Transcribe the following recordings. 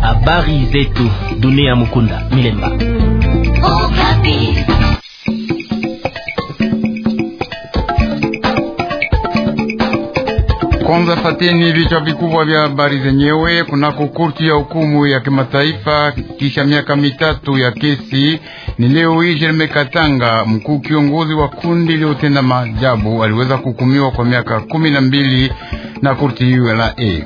Habari zetu dunia. Mukunda Milemba. Kwanza fateni vichwa vikubwa vya habari zenyewe. Kunako korti ya hukumu ya kimataifa kisha miaka mitatu ya kesi, ni leo hii Jerme Katanga, mkuu kiongozi wa kundi liotenda maajabu, aliweza kuhukumiwa kwa miaka kumi na mbili na korti hiyo la A.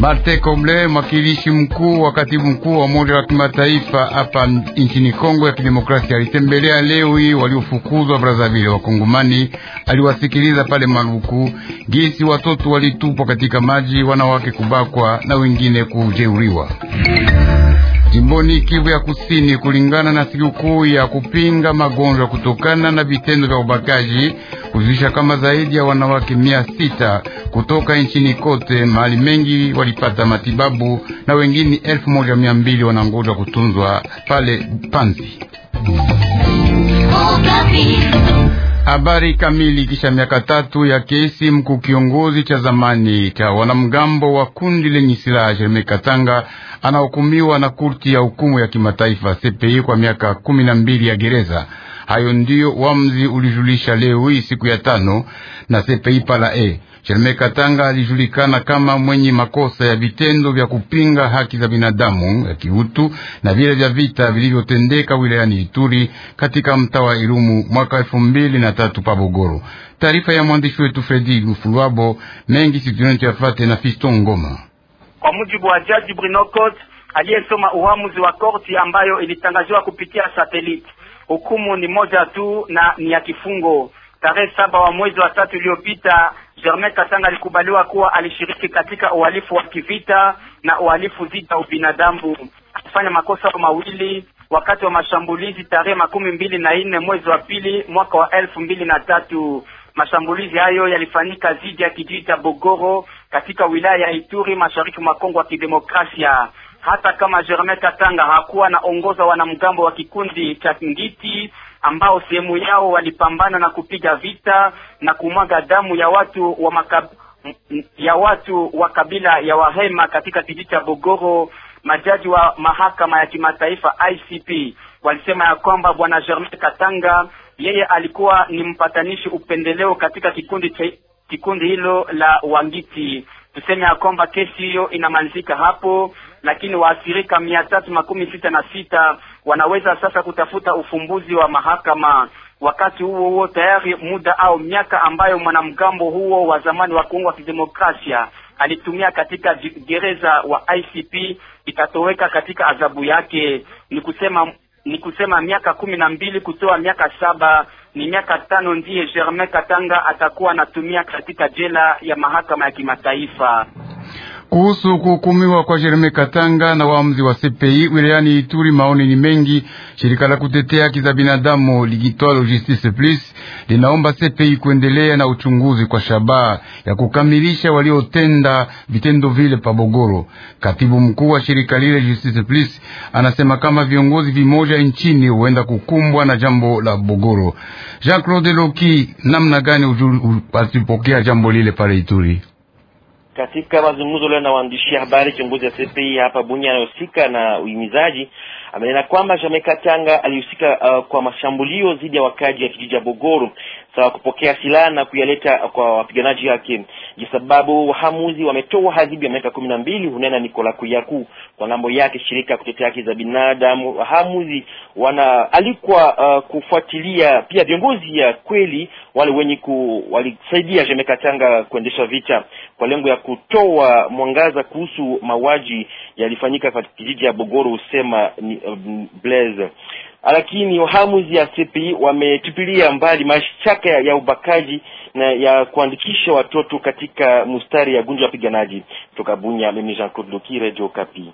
Martin Komble, mwakilishi mkuu wa katibu mkuu wa Umoja wa Kimataifa hapa nchini Kongo ya Kidemokrasia, alitembelea leo hii waliofukuzwa Brazzaville Wakongomani. Aliwasikiliza pale Maluku gisi watoto walitupwa katika maji, wanawake kubakwa na wengine kujeuriwa jimboni Kivu ya Kusini, kulingana na sikukuu ya kupinga magonjwa kutokana na vitendo vya ubakaji, kuzisha kama zaidi ya wanawake mia sita kutoka nchini kote mahali mengi walipata matibabu na wengine elfu moja mia mbili wanangoja kutunzwa pale Panzi. Oh, Habari kamili. Kisha miaka tatu ya kesi, mkuu kiongozi cha zamani cha wanamgambo wa kundi lenye silaha Jeremie Katanga anahukumiwa na kurti ya hukumu ya kimataifa CPI kwa miaka kumi na mbili ya gereza. Hayo ndiyo wamzi ulijulisha leo hii siku ya tano na CPI pala e Germain Katanga alijulikana kama mwenye makosa ya vitendo vya kupinga haki za binadamu ya kiutu na vile vya vita vilivyotendeka wilayani Ituri katika mtaa wa Irumu mwaka elfu mbili na tatu pabogoro. Taarifa ya mwandishi wetu Fredi Lufulwabo mengi situni na Fiston Ngoma. Kwa mujibu wa jaji Bruno aliyesoma uamuzi wa korti ambayo ilitangaziwa kupitia satelite hukumu ni moja tu na ni ya kifungo. Tarehe saba wa mwezi wa tatu iliyopita Germain Katanga alikubaliwa kuwa alishiriki katika uhalifu wa kivita na uhalifu dhidi ya ubinadamu. Alifanya makosa mawili wakati wa mashambulizi tarehe makumi mbili na nne mwezi wa pili mwaka wa elfu mbili na tatu. Mashambulizi hayo yalifanyika dhidi ya kijiji cha Bogoro katika wilaya ya Ituri mashariki mwa Kongo ya Kidemokrasia. Hata kama Germain Katanga hakuwa na ongoza wanamgambo wa kikundi cha Ngiti ambao sehemu yao walipambana na kupiga vita na kumwaga damu ya watu wa makab, ya watu wa kabila ya Wahema katika kijiji cha Bogoro. Majaji wa mahakama ya kimataifa ICP walisema ya kwamba bwana Germain Katanga yeye alikuwa ni mpatanishi upendeleo katika kikundi cha kikundi hilo la Wangiti. Tuseme ya kwamba kesi hiyo inamalizika hapo, lakini waathirika mia tatu makumi sita na sita wanaweza sasa kutafuta ufumbuzi wa mahakama. Wakati huo huo, tayari muda au miaka ambayo mwanamgambo huo wa zamani wa Kongo wa Kidemokrasia alitumia katika gereza wa ICP itatoweka katika adhabu yake. Ni kusema ni kusema miaka kumi na mbili kutoa miaka saba ni miaka tano ndiye Germain Katanga atakuwa anatumia katika jela ya mahakama ya kimataifa kuhusu kuhukumiwa kwa Jereme Katanga na waamuzi wa CPI wilayani Ituri, maoni ni mengi. Shirika la kutetea haki za binadamu ligitwalo Justice Plus linaomba CPI kuendelea na uchunguzi kwa shabaha ya kukamilisha waliotenda vitendo vile pabogoro. Katibu mkuu wa shirika lile Justice Plus anasema kama viongozi vimoja nchini huenda kukumbwa na jambo la Bogoro. Jean Claude Loki, namna gani alipokea jambo lile pale Ituri? Katika mazungumzo leo na waandishi habari, kiongozi wa CPI hapa Bunia anayohusika na uhimizaji amenena kwamba Jamaica Tanga alihusika uh, kwa mashambulio dhidi ya wakaji wa kijiji cha Bogoro sawa kupokea silaha na kuyaleta kwa wapiganaji wake. sababu wahamuzi wametoa hadhibu ya miaka kumi na mbili hunena Nikola Kuyaku kwa ngambo yake shirika kutetea haki za binadamu. Wahamuzi wanaalikwa uh, kufuatilia pia viongozi ya kweli wale wenye ku, walisaidia Jeme kuendesha vita kwa lengo ya kutoa mwangaza kuhusu mauaji yalifanyika katika kijiji ya Bogoro, usema ni uh, blaze lakini wahamuzi ya CPI wametupilia mbali mashtaka ya ubakaji na ya kuandikisha watoto katika mustari ya gunja wapiganaji. Kutoka Bunya, mimi Jean Claude loki Radio Kapi.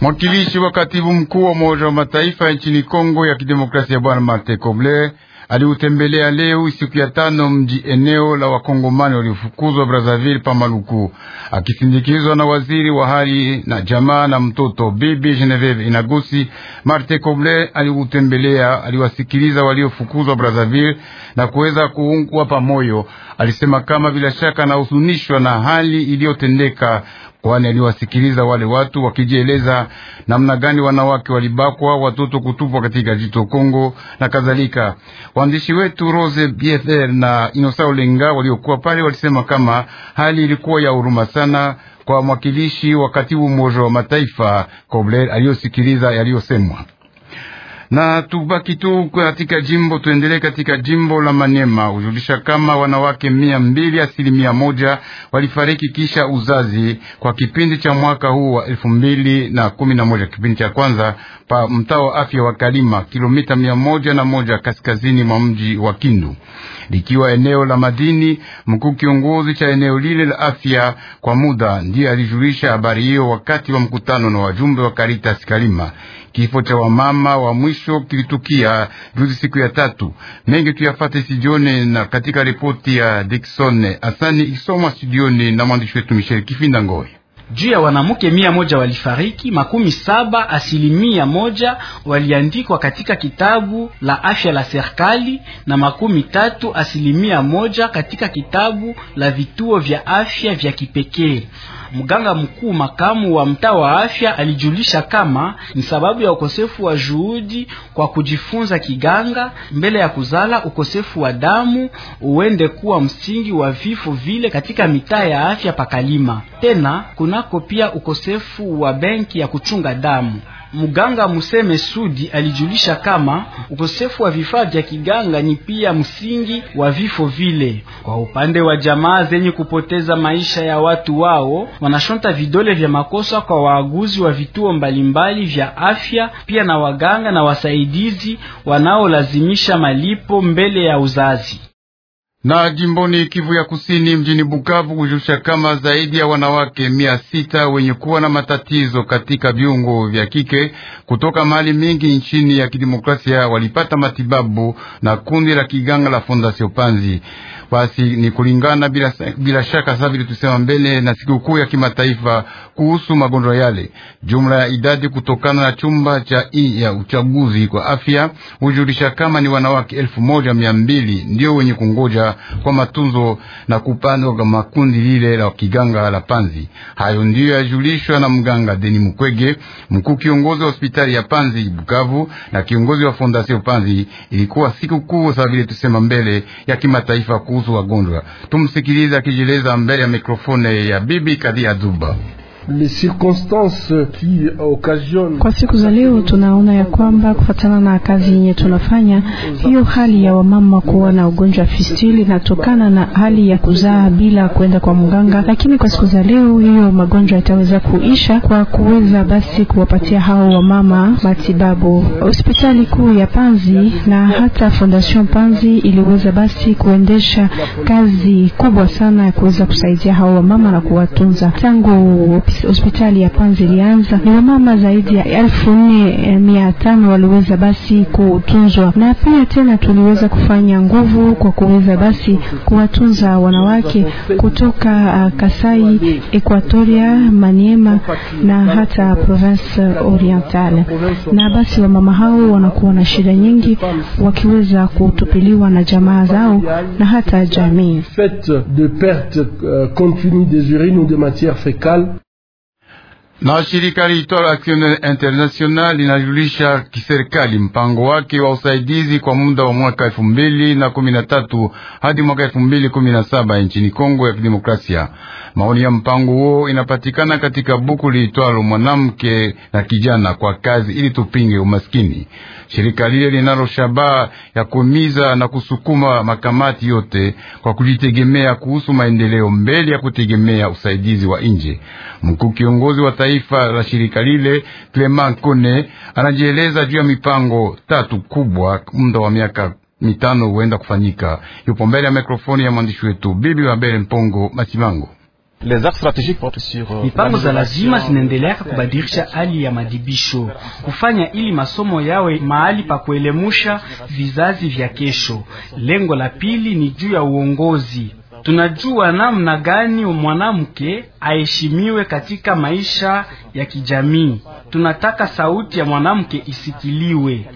Mwakilishi wa katibu mkuu wa Umoja wa Mataifa nchini Kongo ya Kidemokrasia, Bwana Martin Kobler aliutembelea leo siku ya tano mji eneo la wakongomani waliofukuzwa Brazzaville pa Maluku, akisindikizwa na waziri wa hali na jamaa na mtoto Bibi Genevieve inagusi Marte Coble aliutembelea, aliwasikiliza waliofukuzwa Brazzaville na kuweza kuungwa pamoyo. Alisema kama bila shaka anahuzunishwa na hali iliyotendeka kwani aliwasikiliza wale watu wakijieleza namna gani wanawake walibakwa, watoto kutupwa katika jito Kongo na kadhalika. Waandishi wetu Rose BFR na Inosa Olenga waliokuwa pale walisema kama hali ilikuwa ya huruma sana kwa mwakilishi wa katibu mmoja wa Mataifa Kobler aliyosikiliza yaliyosemwa. Na tubaki tu katika jimbo, tuendelee katika jimbo la manyema hujulisha kama wanawake mia mbili asilimia moja walifariki kisha uzazi kwa kipindi cha mwaka huu wa elfu mbili na kumi na moja kipindi cha kwanza pa mtaa wa afya wa Kalima, kilomita mia moja na moja kaskazini mwa mji wa Kindu, likiwa eneo la madini. Mkuu kiongozi cha eneo lile la afya kwa muda ndiye alijulisha habari hiyo wakati wa mkutano na wajumbe wa Karitas Kalima. Kifo cha wamama wa mwisho mwisho kilitukia juzi siku ya tatu. Mengi tuyafate studioni na katika ripoti ya Dickson Asani isoma studioni na mwandishi wetu Michel Kifinda Ngoi juu ya wanamke mia moja walifariki, makumi saba asilimia moja waliandikwa katika kitabu la afya la serikali na makumi tatu asilimia moja katika kitabu la vituo vya afya vya kipekee. Mganga mkuu makamu wa mtaa wa afya alijulisha kama ni sababu ya ukosefu wa juhudi kwa kujifunza kiganga mbele ya kuzala. Ukosefu wa damu uende kuwa msingi wa vifo vile katika mitaa ya afya pakalima tena kuna kunako pia ukosefu wa benki ya kuchunga damu. Mganga Museme Sudi alijulisha kama ukosefu wa vifaa vya kiganga ni pia msingi wa vifo vile. Kwa upande wa jamaa zenye kupoteza maisha ya watu wao, wanashonta vidole vya makosa kwa waaguzi wa vituo mbalimbali vya afya, pia na waganga na wasaidizi wanaolazimisha malipo mbele ya uzazi. Na jimboni Kivu ya Kusini, mjini Bukavu, kujusha kama zaidi ya wanawake mia sita wenye kuwa na matatizo katika viungo vya kike kutoka mahali mingi nchini ya kidemokrasia walipata matibabu na kundi la kiganga la Fondasio Panzi. Basi ni kulingana bila, bila shaka sasa vile tusema mbele na sikukuu ya kimataifa kuhusu magonjwa yale. Jumla ya idadi kutokana na chumba cha i ya uchaguzi kwa afya hujulisha kama ni wanawake elfu moja mia mbili ndio wenye kungoja kwa matunzo na kupandwa kwa makundi lile la kiganga la Panzi. Hayo ndiyo yajulishwa na mganga Deni Mukwege, mkuu kiongozi wa hospitali ya Panzi Bukavu na kiongozi wa fondasio Panzi. Ilikuwa sikukuu sasa vile tusema mbele ya kimataifa kuhusu kuhusu wagonjwa. Tumsikilize akijieleza mbele ya mikrofone ya bibi Kadhi Zuba. Kwa siku za leo tunaona ya kwamba kufatana na kazi yenye tunafanya, hiyo hali ya wamama kuwa na ugonjwa fistili inatokana na hali ya kuzaa bila kwenda kwa mganga, lakini kwa siku za leo hiyo magonjwa yataweza kuisha kwa kuweza basi kuwapatia hao wamama matibabu. Hospitali kuu ya Panzi na hata Fondation Panzi iliweza basi kuendesha kazi kubwa sana ya kuweza kusaidia hao wamama na kuwatunza tangu hospitali ya kwanza ilianza, ni wamama zaidi ya elfu nne eh, mia tano waliweza basi kutunzwa, na pia tena tuliweza kufanya nguvu kwa kuweza basi kuwatunza wanawake kutoka uh, Kasai, Equatoria, Maniema na hata Province Orientale. Na basi wamama hao wanakuwa na shida nyingi, wakiweza kutupiliwa na jamaa zao na hata jamii. de perte euh, continue des urines ou matières fécales na shirika liitwalo Action International linajulisha kiserikali mpango wake wa usaidizi kwa muda wa mwaka elfu mbili na kumi na tatu hadi mwaka elfu mbili kumi na saba nchini Kongo ya Kidemokrasia. Maoni ya mpango huo inapatikana katika buku liitwalo Mwanamke na Kijana kwa Kazi ili Tupinge Umaskini. Shirika lile linalo shabaha ya kumiza na kusukuma makamati yote kwa kujitegemea kuhusu maendeleo mbele ya kutegemea usaidizi wa nje. Mkuu kiongozi wa taifa taifa la shirika lile, Clement Kone anajieleza juu ya mipango tatu kubwa muda wa miaka mitano huenda kufanyika. Yupo mbele ya mikrofoni ya mwandishi wetu Bibi Mbele Mpongo Masimango. Euh, mipango za lazima zinaendeleaka kubadilisha hali ya madibisho, kufanya ili masomo yawe mahali pa kuelemusha vizazi vya kesho. Lengo la pili ni juu ya uongozi Tunajua namna gani mwanamke aheshimiwe katika maisha ya kijamii. Tunataka sauti ya mwanamke isikiliwe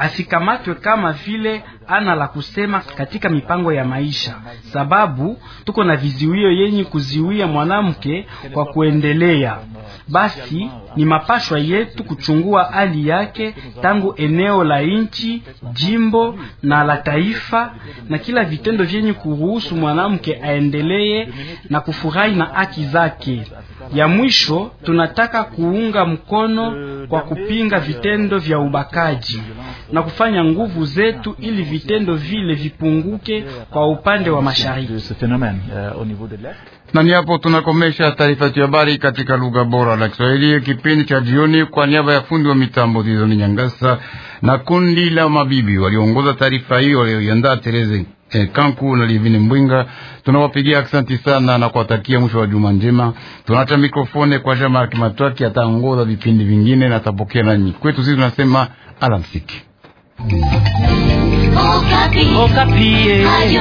asikamatwe kama vile ana la kusema katika mipango ya maisha, sababu tuko na viziwio yenye kuziwia mwanamke kwa kuendelea. Basi ni mapashwa yetu kuchungua hali yake tangu eneo la nchi, jimbo na la taifa, na kila vitendo vyenye kuruhusu mwanamke aendelee na kufurahi na haki zake. Ya mwisho, tunataka kuunga mkono kwa kupinga vitendo vya ubakaji na kufanya nguvu zetu ili vitendo vile vipunguke kwa upande wa mashariki. Euh, na ni hapo tunakomesha taarifa yetu ya habari katika lugha bora la Kiswahili, kipindi cha jioni, kwa niaba ya fundi wa mitambo Zizoni Nyangasa na kundi la mabibi waliongoza taarifa hiyo walioiandaa Tereze eh, Kanku na livine Mbwinga. Tunawapigia aksanti sana na kuwatakia mwisho wa juma njema. Tunaacha mikrofone kwa Jean-Marc Matwaki, ataongoza vipindi vingine na atapokea nanyi. Kwetu sisi tunasema alamsiki. Okapi. Okapi. Eh.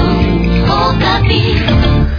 Okapi.